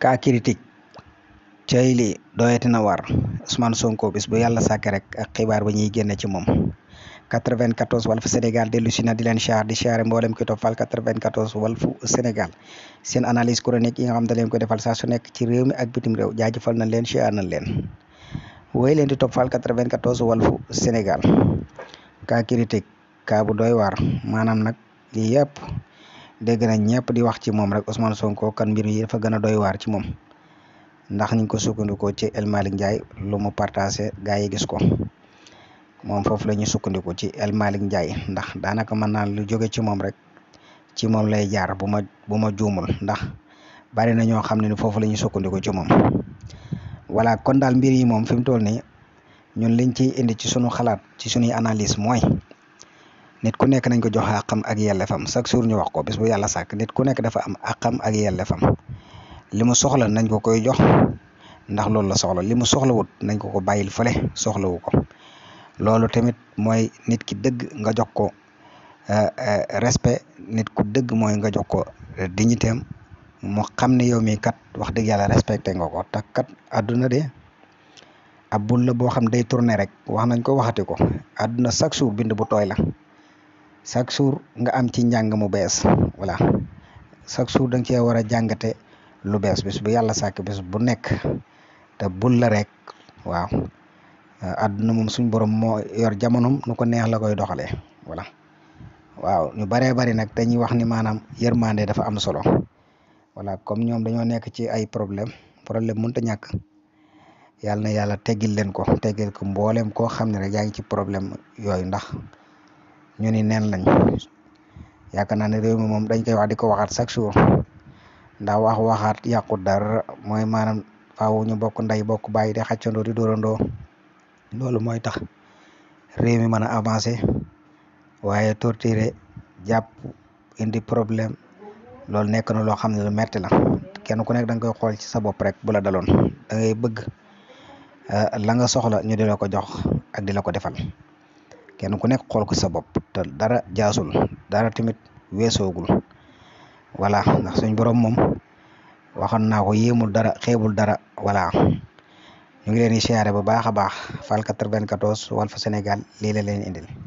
cas critique cay li doyati na war Ousmane Sonko bis bu yàlla sàkk rek ak xibaar ba ñuy génne ci moom 94 Walf Sénégal dellu si na di leen char di chare mboolem ki toppal 94 Walf Sénégal seen analyse chronique yi nga xam da leen ko defal saa su nekk ci réew ak bitim réew jaajëfal nañ leen char na leen wooy leen di toppal fal Walf Sénégal cas critique cas bu doy waar maanaam nag lii dégg nañ ñëpp di wax ci moom rek Ousmane Sonko kan mbir yi dafa gën a doy waar ci moom ndax niñ ko sukkandikoo ci El Ndiaye lu mu partagé gaa yi gis ko moom foofu la ñuy sukkandiku ci El Malick Ndiaye ndax daanaka mën naa lu jóge ci moom rek ci moom lay jaar bu ma bu ma juumul ndax bari na ñoo xam ne ni foofu lañuy sukkandiku ci moom voilà kon daal mbir yi moom fi mu toll nii ñun liñ ciy indi ci suñu xalaat ci suñuy analyse mooy nit ku nekk nañ ko jox àqam ak fam chaque jour ñu wax ko bis bu yàlla sàkk nit ku nekk dafa am àqam ak yellefam li mu soxla nañ ko koy jox ndax loolu la soxla li soxla soxlawut nañ ko ko bàyyil fële soxlawu ko loolu tamit mooy nit ki dëgg nga jox ko euh, euh, respect nit ku dëgg mooy nga jox ko dignité am mu xam ne yow mii kat wax dëgg yàlla respecté ngo ko takkat kat àdduna de ab bul la boo xam day tourné rek wax nañ ko waxati ko àdduna chaque jour bind bu tooy la. chaque jour nga am ci njàng mu bees voilà chaque jour da nga cee war a jàngate lu bees bis bu yàlla sàkk bis bu nekk te bul la rek waaw adduna euh, moom suñ borom moo yor jamonom nu ko neex la koy doxalee wala waaw ñu baree bari nag te dañuy wax ni maanaam yërmande dafa am solo voilà comme ñoom dañoo nekk ci ay problème problème mënut a ñàkk yàlla na yàlla teggil leen ko teggil ko mbooleem koo xam ne rek yaa ngi ci problème yooyu ndax ñu ni neen lañ yaakaar naa ne réew mi moom dañ koy wax di ko waxaat chaque jour ndax wax waxaat yàqu dara mooy maanaam faaw ñu bokk nday bokk bàyyi di xàccandoo di doorandoo loolu mooy tax réew mi mën a avancé waaye torturer jàpp indi problème loolu nekk na loo xam ne lu metti la kenn ku nekk da nga koy xool ci sa bopp rek bula la daloon da ngay bëgg euh, la nga soxla ñu di ko jox ak di ko defal. kenn ku nekk xool ko sa bopp te dara jaasul dara tamit weesoogul voilà ndax suñ borom moom waxoon naa ko yéemul dara xeebul dara voilà ñu ngi leen di siyaare bu baax a baax Fall 94 Walf Sénégal lii la leen indil.